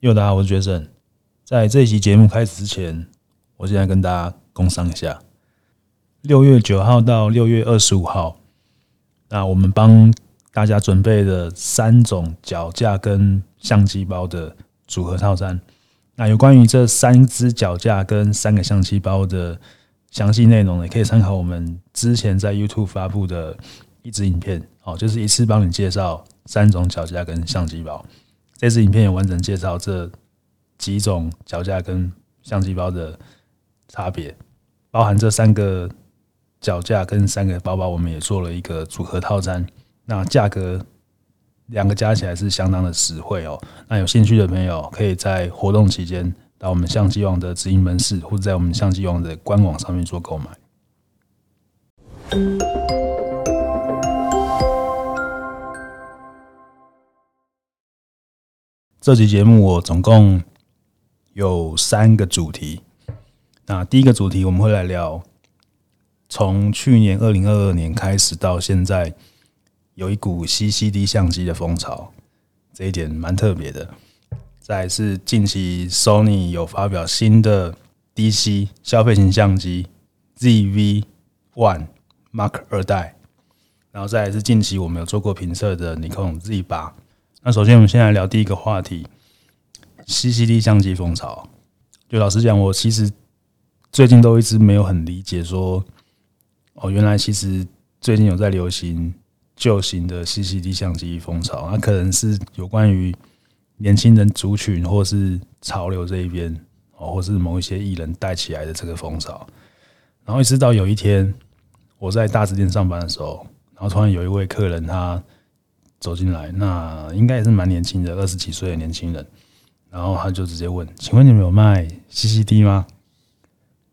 呦，大家好，我是傑森。在這一期節目開始之前，我現在跟大家工商一下，六月九號到六月二十五號，那我們幫大家準備了三種腳架跟相機包的組合套餐。那有關於這三只腳架跟三個相機包的詳細內容呢，可以參考我們之前在 YouTube 發布的一支影片，哦，就是一次幫你介紹三種腳架跟相機包。這支影片也完整介紹這幾種腳架跟相機包的差別，包含這三個腳架跟三個包包，我們也做了一個組合套餐，那價格兩個加起來是相當的實惠哦。那有興趣的朋友可以在活動期間到我們相機王的直營門市，或者在我們相機王的官網上面做購買。這期節目我總共有三個主題。那第一個主題我們會來聊，從去年二零二二年開始到現在，有一股 CCD 相機的風潮，這一點蠻特別的。再來是近期 Sony 有發表新的 DC 消費型相機 ZV One Mark 二代，然後再來是近期我們有做過評測的 Nikon Z 八。那首先，我們先來聊第一個話題：CCD 相機風潮。就老實講，我其實最近都一直沒有很理解，說哦，原來其實最近有在流行舊型的 CCD 相機風潮。那可能是有關於年輕人族群或是潮流這一邊，哦，或是某一些藝人帶起來的這個風潮。然後一直到有一天，我在大直店上班的時候，然後突然有一位客人他，走進來，那應該也是蠻年輕的，二十幾歲的年輕人。然後他就直接問：“請問你們有賣 C C D 嗎？”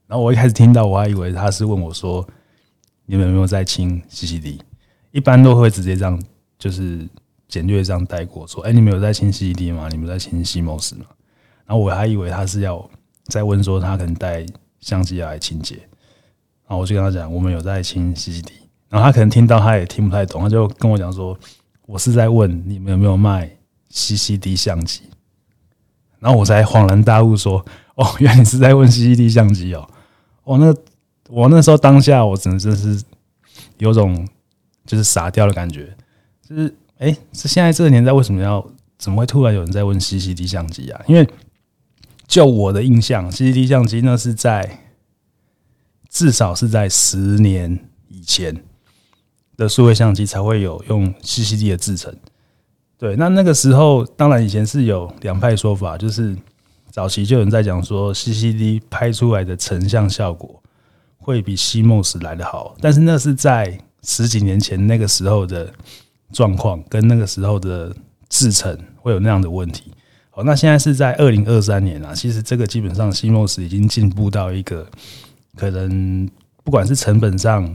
然後我一開始聽到，我還以為他是問我說：“你們有沒有在清 C C D？” 一般都會直接這樣，就是簡略這樣帶過說：“哎，你們有在清 C C D 嗎？你們在清 CMOS 嗎？”然後我還以為他是要再問說他可能帶相機要來清潔。然後我就跟他講：“我們有在清 C C D。”然後他可能聽到，他也聽不太懂，他就跟我講說。我是在問你們有沒有賣 CCD 相機，然後我才恍然大悟說：“哦，原來你是在問 CCD 相機哦，哦！”我那我那時候當下我只能真的是有種就是傻掉的感覺，就是哎，這現在這個年代為什麼要怎麼會突然有人在問 CCD 相機啊？因為就我的印象，CCD 相機那是在至少是在十年以前。的數位相機才會有用 CCD 的製程，對，那那個時候當然以前是有兩派說法，就是早期就有人在講說 CCD 拍出來的成像效果會比 CMOS 來得好，但是那是在十幾年前那個時候的狀況，跟那個時候的製程會有那樣的問題。好，那現在是在二零二三年啊，其實這個基本上 CMOS 已經進步到一個可能不管是成本上。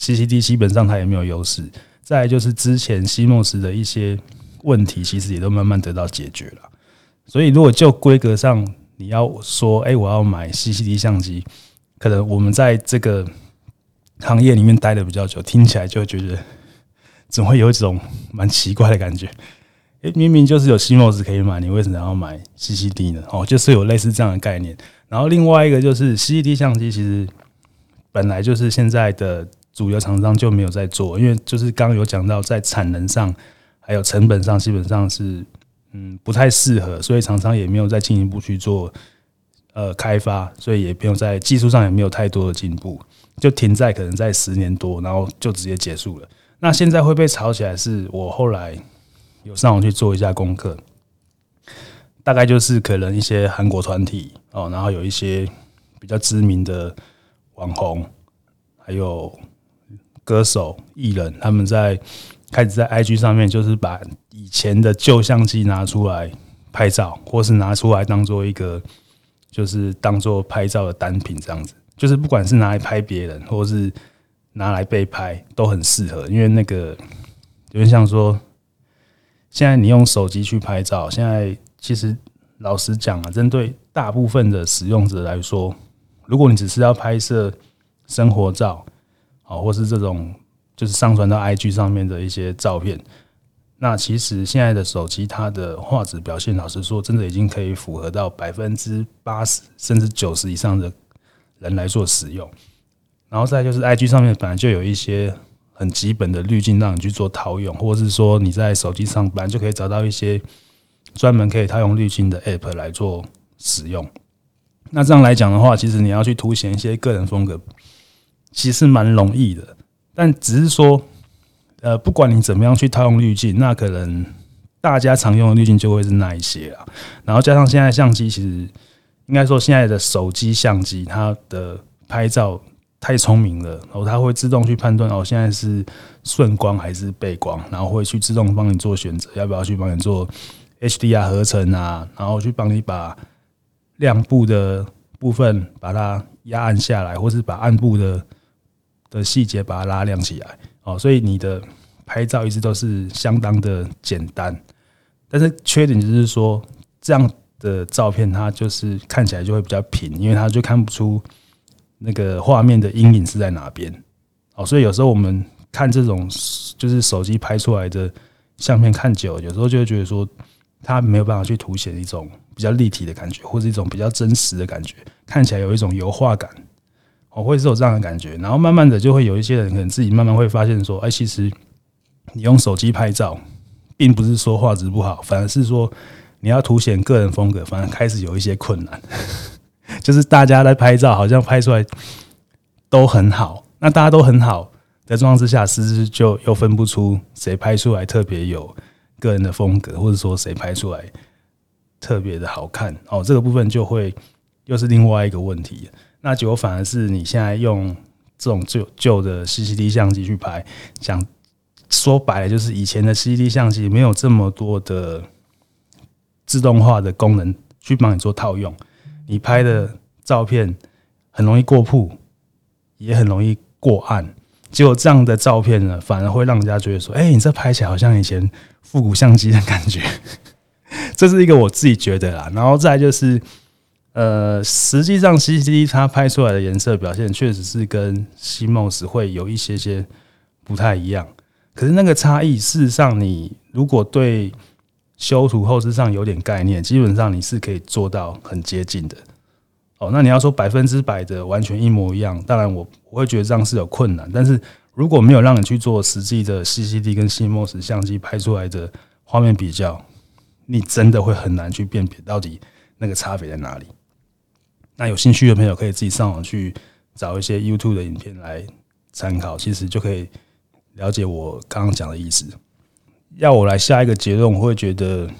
CCD 基本上它也沒有優勢，再來就是之前 CMOS 的一些問題，其實也都慢慢得到解決了。所以如果就規格上你要說，哎，我要買 CCD 相機，可能我們在這個行業裡面待得比較久，聽起來就會覺得，總會有一種蠻奇怪的感覺。哎，明明就是有 CMOS 可以買，你為什麼要買 CCD 呢？哦，就是有類似這樣的概念。然後另外一個就是 CCD 相機，其實本來就是現在的。主流廠商就沒有在做，因為就是剛剛有講到，在產能上還有成本上，基本上是嗯不太適合，所以廠商也沒有再進一步去做呃開發，所以也沒有在技術上也沒有太多的進步，就停在可能在十年多，然後就直接結束了。那現在會被炒起來，是我後來有上網去做一下功課，大概就是可能一些韓國團體哦，然後有一些比較知名的網紅，還有。歌手、藝人，他們在開始在 IG 上面，就是把以前的舊相機拿出來拍照，或是拿出來當做一個，就是當做拍照的單品這樣子。就是不管是拿來拍別人，或是拿來被拍，都很適合。因為那個有點像說，現在你用手機去拍照，現在其實老實講啊，針對大部分的使用者來說，如果你只是要拍攝生活照。哦，或是這種就是上傳到 IG 上面的一些照片，那其實現在的手機它的畫質表現，老實說，真的已經可以符合到百分之八十甚至九十以上的人來做使用。然後再就是 IG 上面本來就有一些很基本的濾鏡，讓你去做套用，或者是說你在手機上本來就可以找到一些專門可以套用濾鏡的 APP 來做使用。那這樣來講的話，其實你要去凸顯一些個人風格。其實蠻容易的，但只是說，呃，不管你怎麼樣去套用濾鏡，那可能大家常用的濾鏡就會是那一些啦。然後加上現在相機，其實應該說現在的手機相機，它的拍照太聰明了，然後它會自動去判斷哦，現在是順光還是背光，然後會去自動幫你做選擇，要不要去幫你做 HDR 合成啊，然後去幫你把亮部的部分把它壓暗下來，或是把暗部的。的細節把它拉亮起來，哦，所以你的拍照一直都是相當的簡單，但是缺點就是說這樣的照片它就是看起來就會比較平，因為它就看不出那個畫面的陰影是在哪邊，哦，所以有時候我們看這種就是手機拍出來的相片看久了，有時候就會覺得說它沒有辦法去凸顯一種比較立體的感覺，或是一種比較真實的感覺，看起來有一種油畫感。我會是有這樣的感覺，然後慢慢的就會有一些人可能自己慢慢會發現說，哎，其實你用手機拍照，並不是說畫質不好，反而是說你要凸顯個人風格，反而開始有一些困難。就是大家在拍照，好像拍出來都很好，那大家都很好，在狀況之下，其實就又分不出誰拍出來特別有個人的風格，或者說誰拍出來特別的好看。哦，這個部分就會又是另外一個問題。那結果反而是你現在用這種舊舊的 CCD 相機去拍，講說白了就是以前的 CCD 相機沒有這麼多的自動化的功能去幫你做套用，你拍的照片很容易過曝，也很容易過暗。結果這樣的照片呢，反而會讓人家覺得說：“哎，你這拍起來好像以前復古相機的感覺。”這是一個我自己覺得啦。然後再來就是。呃，實際上 CCD 它拍出來的顏色表現確實是跟 CMOS 會有一些些不太一樣。可是那個差異，事實上你如果對修圖後製上有點概念，基本上你是可以做到很接近的。哦，那你要說百分之百的完全一模一樣，當然我我會覺得這樣是有困難。但是如果沒有讓你去做實際的 CCD 跟 CMOS 相機拍出來的畫面比較，你真的會很難去辨別到底那個差別在哪裡。那有興趣的朋友可以自己上網去找一些 YouTube 的影片來參考，其實就可以了解我剛剛講的意思。要我來下一個結論，我會覺得，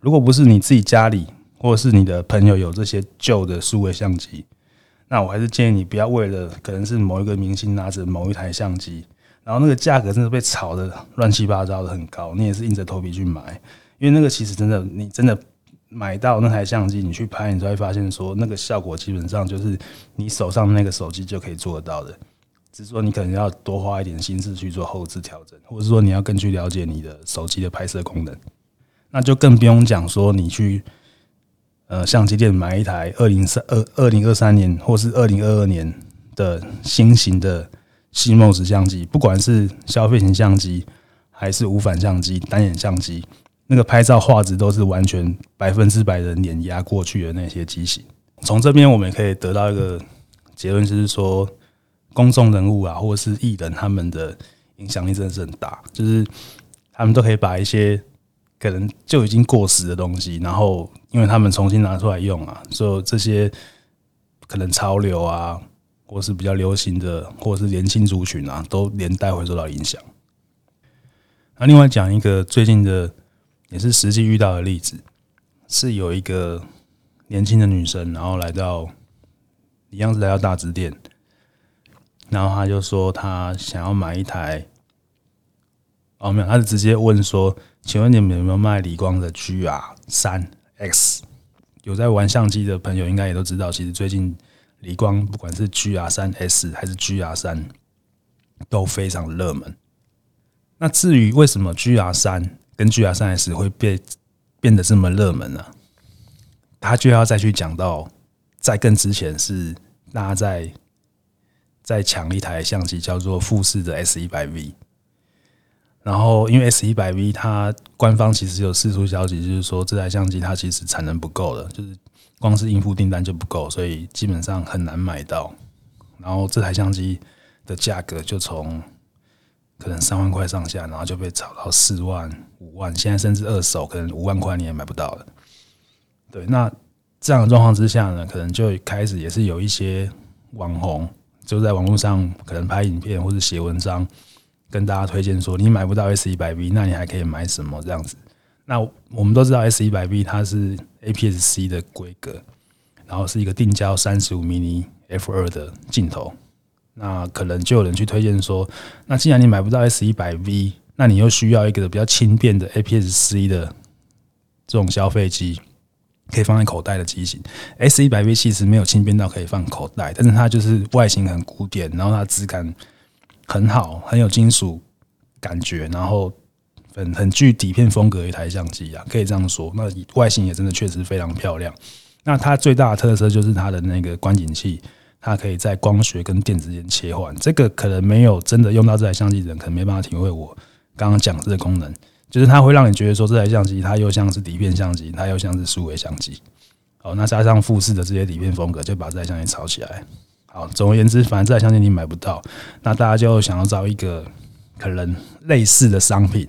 如果不是你自己家裡或者是你的朋友有這些舊的數位相機，那我還是建議你不要為了可能是某一個明星拿着某一台相機，然後那個價格真的被炒的亂七八糟的很高，你也是硬着頭皮去買，因為那個其實真的你真的。買到那台相機，你去拍，你才會發現說，那個效果基本上就是你手上的那個手機就可以做得到的，只是說你可能要多花一點心思去做後製調整，或者說你要更去了解你的手機的拍攝功能，那就更不用講說你去呃相機店買一台二零三二二零二三年或是二零二二年的新型的 CMOS 相機，不管是消費型相機還是無反相機單眼相機。那個拍照畫質都是完全百分之百的碾壓過去的那些機型。從這邊我們也可以得到一個結論，就是說公眾人物啊，或者是藝人，他們的影響力真的是很大，就是他們都可以把一些可能就已經過時的東西，然後因為他們重新拿出來用啊，所以有這些可能潮流啊，或是比較流行的，或者是年輕族群啊，都連帶會受到影響。那另外講一個最近的。也是實際遇到的例子，是有一個年輕的女生，然後來到一樣是來到大直店，然後她就說她想要買一台，喔，哦沒有，她就直接問說，請問你們有沒有賣理光的 G R 三 X，有在玩相機的朋友應該也都知道，其實最近理光不管是 G R 三 S 還是 G R 三都非常熱門。那至於為什麼 G R 三？根據啊，三 S 會變變得這麼熱門了，啊，他就要再去講到，在更之前是大家在在搶一台相機，叫做富士的 S100V。然後，因為 S100V 它官方其實有四處消息，就是說這台相機它其實產能不夠了，就是光是應付訂單就不夠，所以基本上很難買到。然後，這台相機的價格就從。可能三萬塊上下，然後就被炒到四萬、五萬。現在甚至二手可能五萬塊你也買不到了。對，那這樣的狀況之下呢，可能就開始也是有一些網紅就在網絡上可能拍影片或者寫文章，跟大家推薦說你買不到 X 一百 V，那你還可以買什麼這樣子？那我們都知道 X 一百 V 它是 APS-C 的規格，然後是一個定焦三十五 mm f 二的鏡頭。那可能就有人去推薦說，那既然你買不到 S 一百 V，那你又需要一個比較輕便的 APS-C 的這種消費機，可以放在口袋的機型。S 一百 V 其實沒有輕便到可以放口袋，但是它就是外形很古典，然後它質感很好，很有金屬感覺，然後很很具底片風格的一台相機啊，可以這樣說。那外形也真的確實非常漂亮。那它最大的特色就是它的那個觀景器。它可以在光學跟電子間切換，這個可能沒有真的用到這台相機的人，可能沒辦法體會我剛剛講的這個功能，就是它會讓你覺得說，這台相機它又像是底片相機，它又像是數位相機。好，那加上富士的這些底片風格，就把這台相機炒起來。好，總而言之，反正這台相機你買不到，那大家就想要找一個可能類似的商品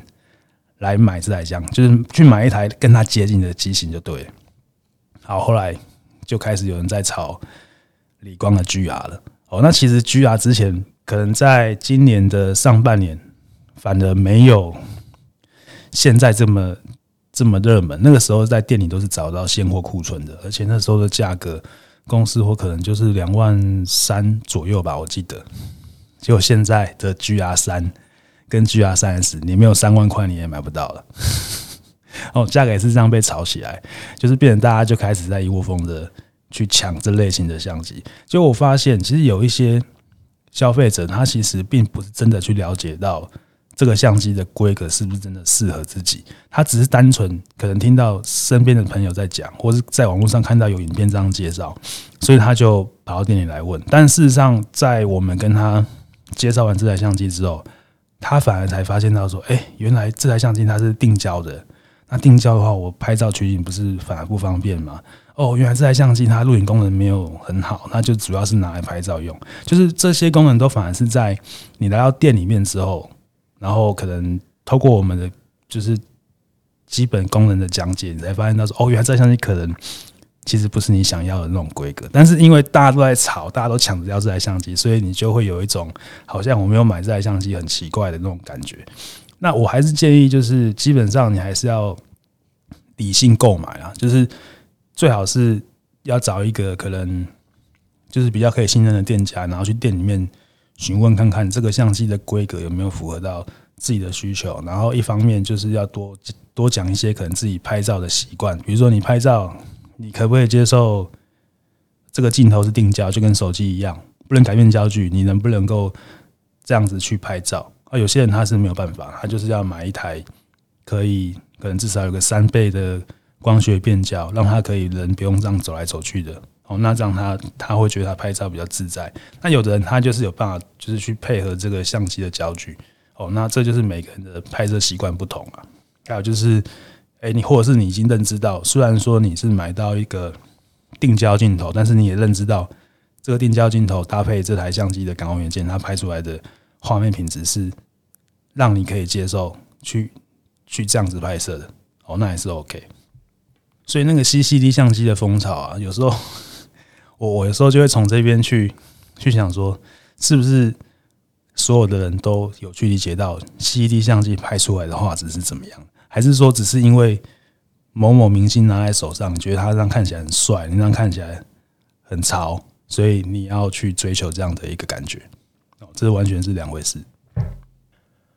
來買，這台相機就是去買一台跟它接近的機型就對了。好，後來就開始有人在炒，理光的 GR 了哦，那其實 GR 之前可能在今年的上半年，反而沒有現在這麼這麼熱門。那個時候在店裡都是找到現貨庫存的，而且那時候的價格，公司貨可能就是兩萬三左右吧，我記得。就現在的 GR 三跟 GR 三 S，你沒有三萬塊你也買不到了。哦，價格也是這樣被炒起來，就是變成大家就開始在一窩蜂的。去搶這類型的相機，結果我發現其實有一些消費者，他其實並不是真的去了解到這個相機的規格是不是真的適合自己，他只是單純可能聽到身邊的朋友在講，或是在網絡上看到有影片這樣介紹，所以他就跑到店裡來問。但事實上，在我們跟他介紹完這台相機之後，他反而才發現到說：“哎，原來這台相機它是定焦的。”那定焦的話，我拍照取景不是反而不方便嗎？哦，原來這台相機它錄影功能沒有很好，那就主要是拿來拍照用。就是這些功能都反而是在你來到店裡面之後，然後可能透過我們的就是基本功能的講解，你才發現到說哦，原來這台相機可能其實不是你想要的那種規格。但是因為大家都在吵，大家都搶着要這台相機，所以你就會有一種好像我沒有買這台相機很奇怪的那種感覺。那我還是建議，就是基本上你還是要理性購買啦，就是最好是要找一個可能就是比較可以信任的店家，然後去店裡面詢問看看這個相機的規格有沒有符合到自己的需求。然後一方面就是要多多講一些可能自己拍照的習慣，比如說你拍照你可不可以接受這個鏡頭是定焦，就跟手機一樣不能改變焦距，你能不能夠這樣子去拍照？啊，有些人他是沒有辦法，他就是要買一台可以可能至少有個三倍的光學變焦，讓他可以人不用這樣走來走去的。哦，那這樣他他會覺得他拍照比較自在。那有的人他就是有辦法，就是去配合這個相機的焦距。哦，那這就是每個人的拍攝習慣不同了、啊。還有就是，哎、欸，你或者是你已經認知到，雖然說你是買到一個定焦鏡頭，但是你也認知到這個定焦鏡頭搭配這台相機的感光元件，它拍出來的。畫面品質是讓你可以接受去，去去這樣子拍攝的哦，那也是 OK。所以那個 CCD 相機的風潮啊，有時候我我有時候就會從這邊去去想說，是不是所有的人都有去理解到 CCD 相機拍出來的畫質是怎麼樣？還是說只是因為某某明星拿在手上，你覺得他這樣看起來很帥，你這樣看起來很潮，所以你要去追求這樣的一個感覺？哦，這是完全是兩回事。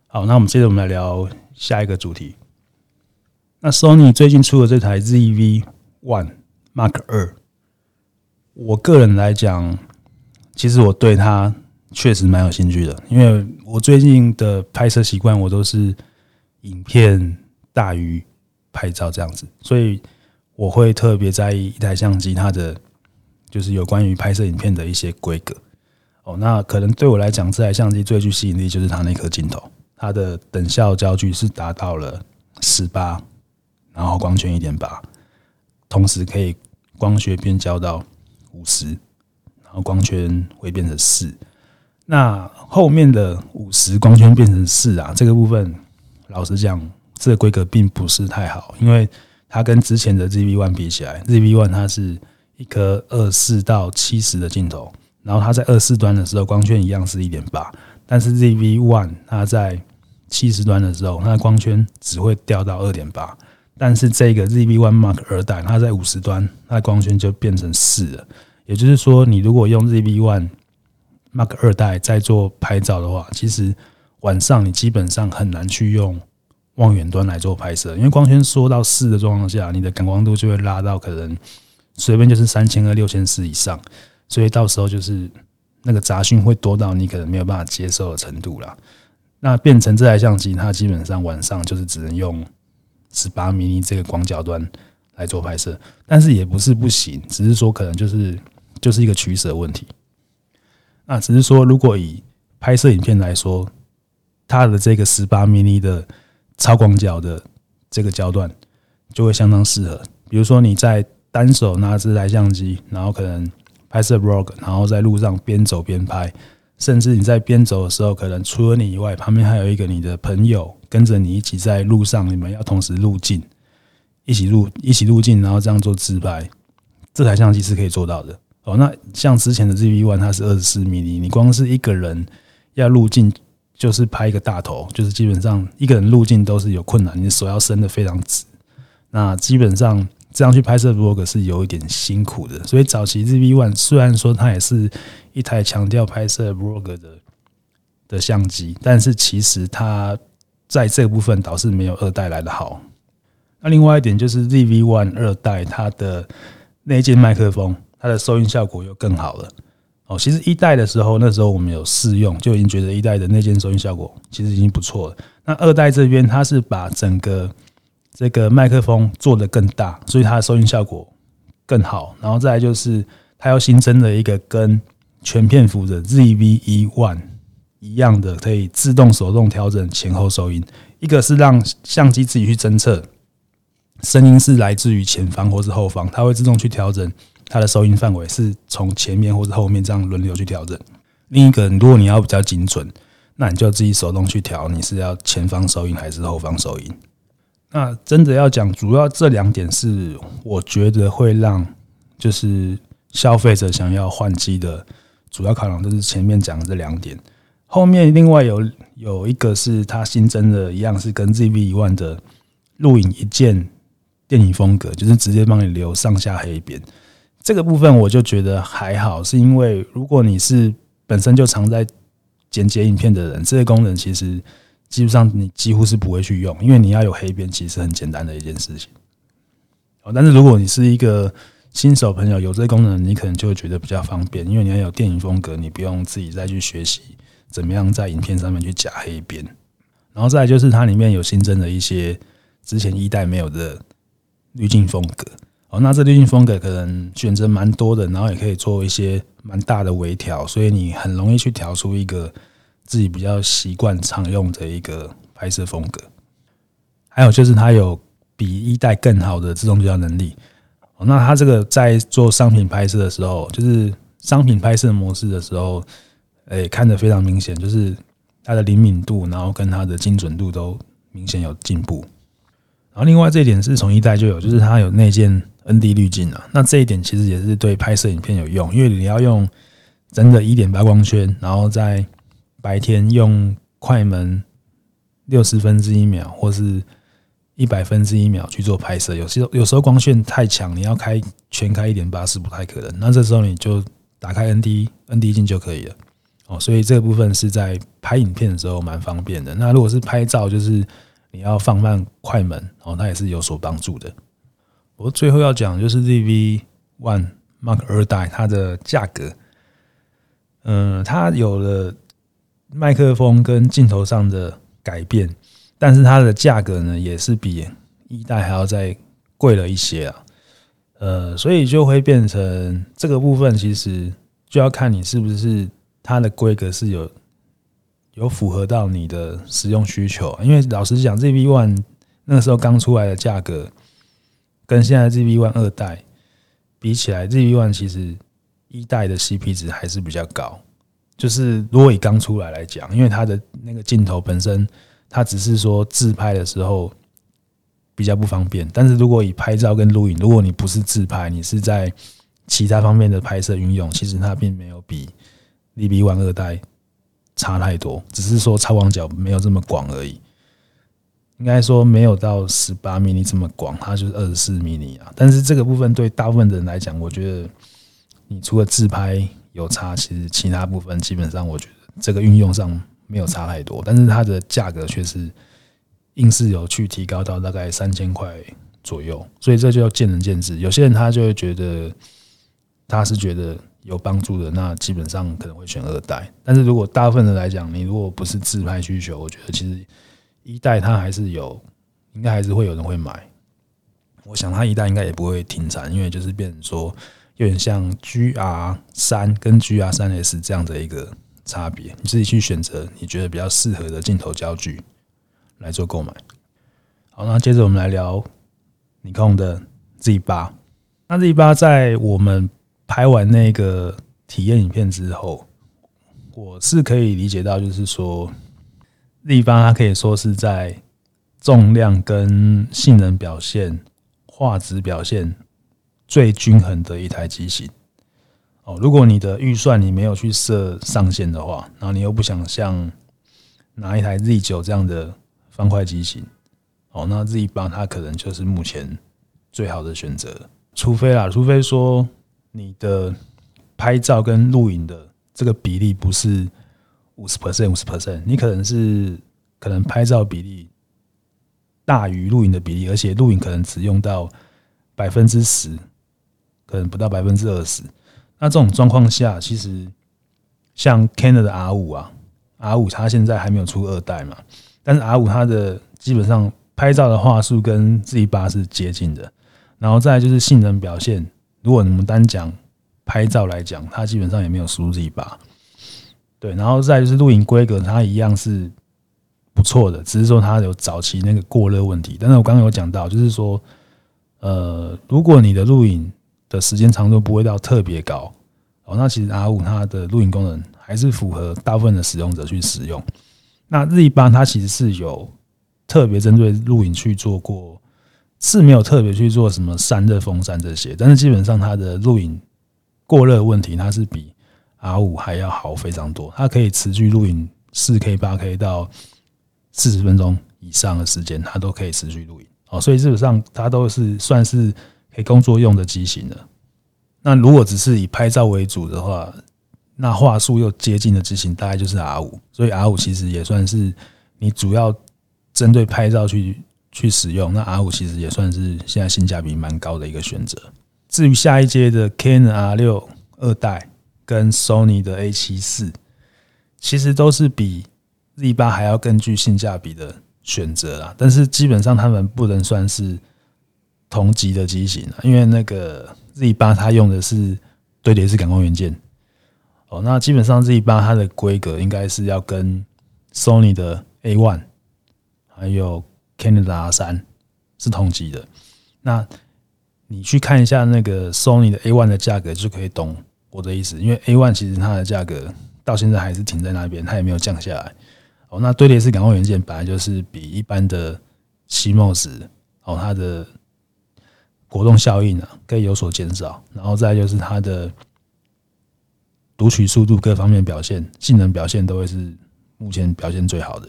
好，那我們接着我們來聊下一個主題。那 Sony 最近出的這台 ZV-1 Mark II，我個人來講，其實我對它確實蠻有興趣的，因為我最近的拍攝習慣，我都是影片大於拍照這樣子，所以我會特別在意一台相機它的就是有關於拍攝影片的一些規格。哦，那可能對我來講，這台相機最具吸引力就是它那顆鏡頭，它的等效焦距是達到了十八，然後光圈一點八，同時可以光學變焦到五十，然後光圈會變成四。那後面的五十光圈變成四啊，這個部分老實講，這個規格並不是太好，因為它跟之前的 ZV-1 比起來，ZV-1 它是一顆二四到七十的鏡頭。然後它在二四端的時候，光圈一樣是一點八，但是 ZV One 它在七十端的時候，它的光圈只會掉到二點八，但是這個 ZV One Mark 二代，它在五十端，它的光圈就變成四了。也就是說，你如果用 ZV One Mark 二代在做拍照的話，其實晚上你基本上很難去用望遠端來做拍攝，因為光圈縮到四的狀況下，你的感光度就會拉到可能隨便就是三千二、六千四以上。所以到時候就是那個雜訊會多到你可能沒有辦法接受的程度啦。那變成這台相機，它基本上晚上就是只能用十八 mm 這個廣角端來做拍攝，但是也不是不行，只是說可能就是就是一個取捨問題。那只是說，如果以拍攝影片來說，它的這個十八 mm 的超廣角的這個焦段就會相當適合。比如說你在單手拿這台相機，然後可能。拍攝 vlog，然後在路上邊走邊拍，甚至你在邊走的時候，可能除了你以外，旁邊還有一個你的朋友跟着你一起在路上，你們要同時入鏡，一起入一起入鏡，然後這樣做自拍，這台相機是可以做到的。哦，那像之前的 ZV One，它是二十四 mm，你光是一個人要入鏡，就是拍一個大頭，就是基本上一個人入鏡都是有困難，你手要伸得非常直，那基本上。這樣去拍攝 vlog 是有一點辛苦的，所以早期 ZV One 雖然說它也是一台強調拍攝 vlog 的的相機，但是其實它在這部分倒是沒有二代來得好。那另外一點就是 ZV One 二代它的內建麥克風，它的收音效果又更好了。哦，其實一代的時候，那時候我們有試用，就已經覺得一代的內建收音效果其實已經不錯了。那二代這邊，它是把整個這個麥克風做得更大，所以它的收音效果更好。然後再來就是，它又新增了一個跟全片幅的 ZV-E1 一樣的，可以自動手動調整前後收音。一個是讓相機自己去偵測聲音是來自於前方或是後方，它會自動去調整它的收音範圍，是從前面或者後面這樣輪流去調整。另一個，如果你要比較精準，那你就自己手動去調，你是要前方收音還是後方收音。那真的要講，主要這兩點是我覺得會讓就是消費者想要換機的主要考量，就是前面講的這兩點。後面另外有有一個是它新增的一樣是跟 ZB 一萬的錄影一鍵電影風格，就是直接幫你留上下黑邊。這個部分我就覺得還好，是因為如果你是本身就常在剪輯影片的人，這些功能其實。基本上你幾乎是不會去用，因為你要有黑邊，其實很簡單的一件事情。但是如果你是一個新手朋友，有這功能，你可能就會覺得比較方便，因為你要有電影風格，你不用自己再去學習怎麼樣在影片上面去加黑邊。然後再來就是它裡面有新增了一些之前一代沒有的濾鏡風格。哦，那這濾鏡風格可能選擇蠻多的，然後也可以做一些蠻大的微調，所以你很容易去調出一個。自己比較習慣常用的一個拍攝風格，還有就是它有比一代更好的自動對焦能力。那它這個在做商品拍攝的時候，就是商品拍攝模式的時候，誒，看得非常明顯，就是它的靈敏度，然後跟它的精準度都明顯有進步。然後另外這一點是從一代就有，就是它有內建 ND 濾鏡啊，那這一點其實也是對拍攝影片有用，因為你要用真的一點八光圈，然後再白天用快門六十分之一秒，或是一百分之一秒去做拍攝，有些有時候光線太強，你要開全開一點八是不太可能，那這時候你就打開 N D N D 鏡就可以了。哦，所以這個部分是在拍影片的時候蠻方便的。那如果是拍照，就是你要放慢快門，哦，那也是有所幫助的。我最後要講的就是 ZV-1 Mark 二代它的價格，嗯，它有了。麥克風跟鏡頭上的改變，但是它的價格呢，也是比一代還要再貴了一些啊。呃，所以就會變成這個部分，其實就要看你是不是它的規格是有有符合到你的使用需求。因為老實講，ZV-1 那個時候剛出來的價格，跟現在 ZV-1 二代比起來，ZV-1 其實一代的 CP 值還是比較高。就是，如果以剛出來來講，因為它的那個鏡頭本身，它只是說自拍的時候比較不方便。但是如果以拍照跟錄影，如果你不是自拍，你是在其他方面的拍攝運用，其實它並沒有比 ZV-1 二代差太多，只是說超廣角沒有這麼廣而已。應該說沒有到十八毫米這麼廣，它就是二十四毫米啊。但是這個部分對大部分的人來講，我覺得你除了自拍有差，其實其他部分基本上，我覺得這個運用上沒有差太多，但是它的價格卻是硬是有去提高到大概三千塊左右，所以這就要見仁見智。有些人他就會覺得他是覺得有幫助的，那基本上可能會選二代。但是如果大部分的來講，你如果不是自拍需求，我覺得其實一代它還是有，應該還是會有人會買。我想它一代應該也不會停產，因為就是變成說。有點像 GR3 跟 GR3S 這樣的一個差別，你自己去選擇你覺得比較適合的鏡頭焦距來做購買。好，那接着我們來聊尼康的 Z8。那 Z8 在我們拍完那個體驗影片之後，我是可以理解到，就是說 Z8 它可以說是在重量跟性能表現、畫質表現最均衡的一台機型哦，如果你的預算你沒有去設上限的話，然後你又不想像拿一台 Z 九這樣的方塊機型哦，那 Z 八它可能就是目前最好的選擇。除非啦，除非說你的拍照跟錄影的這個比例不是五十 percent 五十 percent，你可能是可能拍照比例大於錄影的比例，而且錄影可能只用到百分之十。可能不到百分之二十，那這種狀況下，其實像 Canon 的 R 五啊，R 五它現在還沒有出二代嘛，但是 R 五它的基本上拍照的話術跟 Z 八是接近的，然後再就是性能表現，如果你們單講拍照來講，它基本上也沒有輸 Z 八，對，然後再就是錄影規格，它一樣是不錯的，只是說它有早期那個過熱問題，但是我剛剛有講到，就是說，呃，如果你的錄影的時間長度不會到特別高哦，那其實 R5 它的錄影功能還是符合大部分的使用者去使用。那 Z8 它其實是有特別針對錄影去做過，是沒有特別去做什麼散熱風扇這些，但是基本上它的錄影過熱問題，它是比 R5 還要好非常多。它可以持續錄影 4K 8K 到四十分鐘以上的時間，它都可以持續錄影哦，所以基本上它都是算是。給工作用的機型的，那如果只是以拍照為主的話，那畫素又接近的機型，大概就是 R 五，所以 R 五其實也算是你主要針對拍照去去使用。那 R 五其實也算是現在性價比蠻高的一個選擇。至於下一階的 Canon R 六二代跟 Sony 的 A 七四，其實都是比 Z 八還要更具性價比的選擇啦。但是基本上他們不能算是。同級的機型，因為那個 Z 八它用的是堆疊式感光元件，哦，那基本上 Z 八它的規格應該是要跟 Sony 的 A 1還有 Canon 的 R 三是同級的。那你去看一下那個 Sony 的 A 1的價格，就可以懂我的意思。因為 A 1其實它的價格到現在還是停在那邊，它也沒有降下來。哦，那堆疊式感光元件本來就是比一般的 CMOS 哦它的。果凍效應啊，可以有所減少。然後再就是它的讀取速度，各方面表現，性能表現都會是目前表現最好的。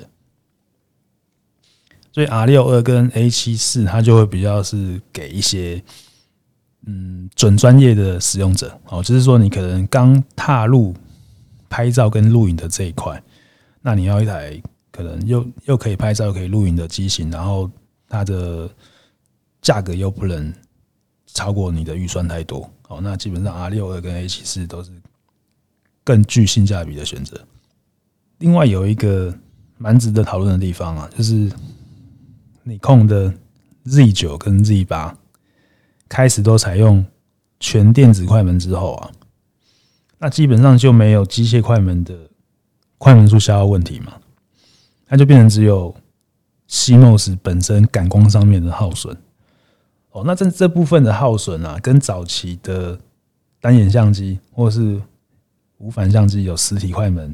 所以 R 六二跟 A 七四，它就會比較是給一些嗯準專業的使用者哦，就是說你可能剛踏入拍照跟錄影的這一塊，那你要一台可能又又可以拍照又可以錄影的機型，然後它的價格又不能超過你的預算太多，哦，那基本上 R 六二跟 A 七四都是更具性價比的選擇。另外有一個蠻值得討論的地方啊，就是尼康的 Z 九跟 Z 八開始都採用全電子快門之後啊，那基本上就沒有機械快門的快門數消耗問題嘛，那就變成只有 CMOS 本身感光上面的耗損。哦，那這這部分的耗損啊，跟早期的單眼相機或是無反相機有實體快門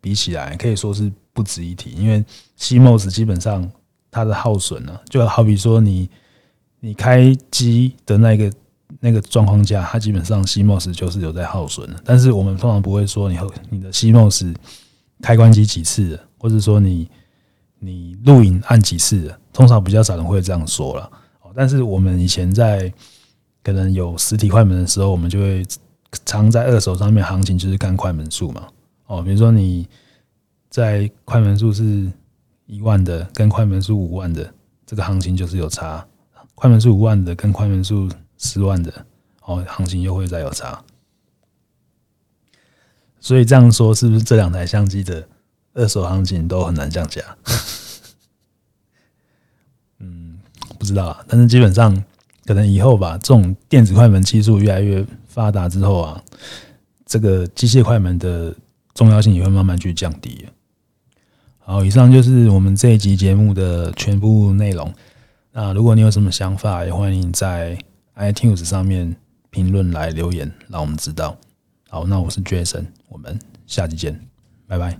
比起來，可以說是不值一提。因為 CMOS 基本上它的耗損呢，啊，就好比說你你開機的那個那個狀況下，它基本上 CMOS 就是有在耗損的。但是我們通常不會說你你的 CMOS 開關機幾次，或者說你你錄影按幾次，通常比較少人會這樣說了。但是我們以前在可能有實體快門的時候，我們就會常在二手上面行情就是看快門數嘛。哦，比如說你在快門數是一萬的，跟快門數五萬的這個行情就是有差。快門數五萬的跟快門數十萬的，哦，行情又會再有差。所以這樣說，是不是這兩台相機的二手行情都很難降價？不知道啊，但是基本上可能以後吧，這種電子快門技術越來越發達之後啊，這個機械快門的重要性也會慢慢去降低。好，以上就是我們這一集節目的全部內容。那如果你有什麼想法，也歡迎在 iTunes 上面評論來留言，讓我們知道。好，那我是 Jason，我們下期見，拜拜。